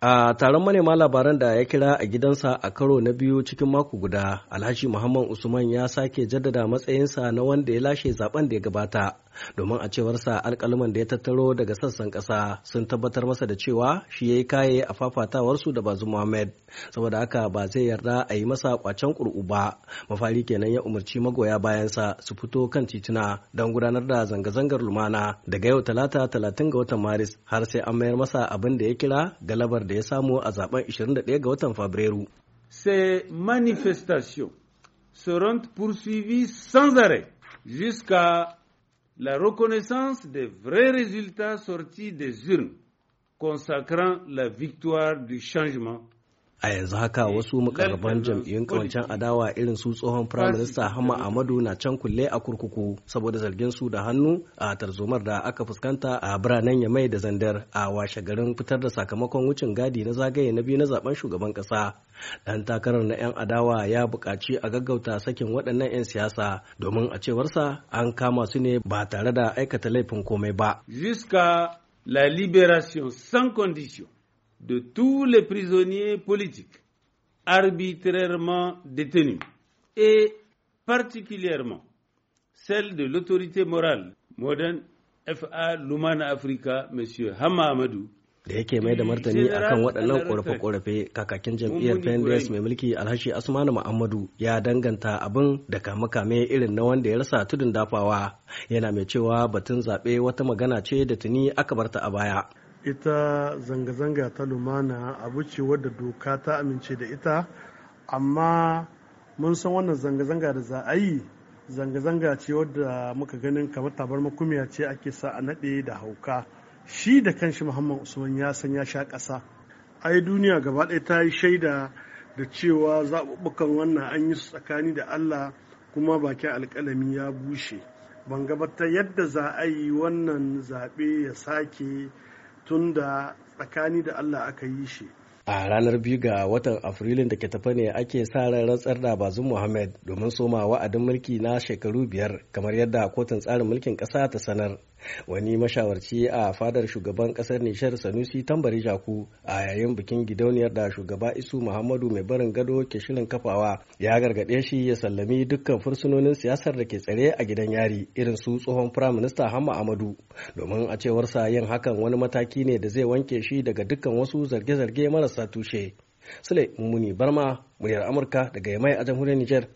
A taron manema labaran da ya kira a gidansa a karo na biyu cikin mako guda, Alhaji Muhammad Usman ya sake jaddada matsayinsa na wanda ya lashe zaben da ya gabata. domin a cewarsa alkalaman da ya tattaro daga sassan ƙasa sun tabbatar masa da cewa shi ya yi kaye a fafatawarsu da bazu Muhammad saboda haka ba zai yarda a yi masa kwacen kur'u ba mafari kenan ya umarci magoya bayansa su fito kan tituna don gudanar da zanga-zangar lumana daga yau talata talatin ga watan maris har sai an mayar masa abin da ya kira galabar da ya samu a zaben 21 ga watan fabrairu. Ces manifestations seront poursuivies sans arrêt jusqu'à la reconnaissance des vrais résultats sortis des urnes consacrant la victoire du changement a yanzu haka eh, wasu makarraban jam'iyyun kawancen adawa irin su tsohon firaminista hama amadu na can kulle a kurkuku saboda zargin su da hannu a tarzomar da aka fuskanta a biranen yamai da zandar a washe garin fitar da sakamakon wucin gadi na zagaye na biyu na zaben shugaban kasa dan takarar na 'yan adawa ya buƙaci a gaggauta sakin waɗannan 'yan siyasa domin a cewarsa an kama su ne ba tare da aikata laifin komai ba. Jusqu'à la libération sans condition de tous les prisonniers politiques arbitrairement détenus et particulièrement celle de l'autorité morale moderne FA Lumana Africa, M. Hamamadou, da yake mai da martani a kan waɗannan ƙorafe-ƙorafe kakakin jam'iyyar pnds mai mulki alhashi asmanu muhammadu ya danganta abin da kame-kame irin na wanda ya rasa tudun dafawa yana mai cewa batun zaɓe wata magana ce da tuni aka barta a baya ita zanga-zanga ta lumana abu ce wadda doka ta amince da ita amma mun san wannan zanga-zanga da za a yi zanga-zanga ce wadda muka ganin kamar tabar makumiya ce ake sa a naɗe da hauka shi da kanshi muhammad usman ya san ya sha ƙasa ai duniya gaba ɗaya ta yi shaida da cewa zaɓuɓɓukan wannan an yi su tsakani da allah kuma bakin alƙalami ya bushe ban gabata yadda za a yi wannan zaɓe ya sake tun da tsakani da Allah aka yi shi a ranar biyu ga watan afrilun da ke tafa ne ake sa ran rantsar da bazun muhammad domin soma wa'adin mulki na shekaru biyar kamar yadda kotun tsarin mulkin ƙasa ta sanar wani mashawarci a fadar shugaban ƙasar nishar sanusi tambari jaku a yayin bikin gidauniyar da shugaba isu muhammadu mai barin gado ke shirin kafawa ya gargaɗe shi ya sallami dukkan fursunonin siyasar da ke tsare a gidan yari irin su tsohon firayim minista hamma amadu domin a cewarsa yin hakan wani mataki ne da zai wanke shi daga dukkan wasu zarge-zarge marasa ta tushe. Sule Mummuni Barma, muryar Amurka daga Yamai a jamhuriyar Nijar.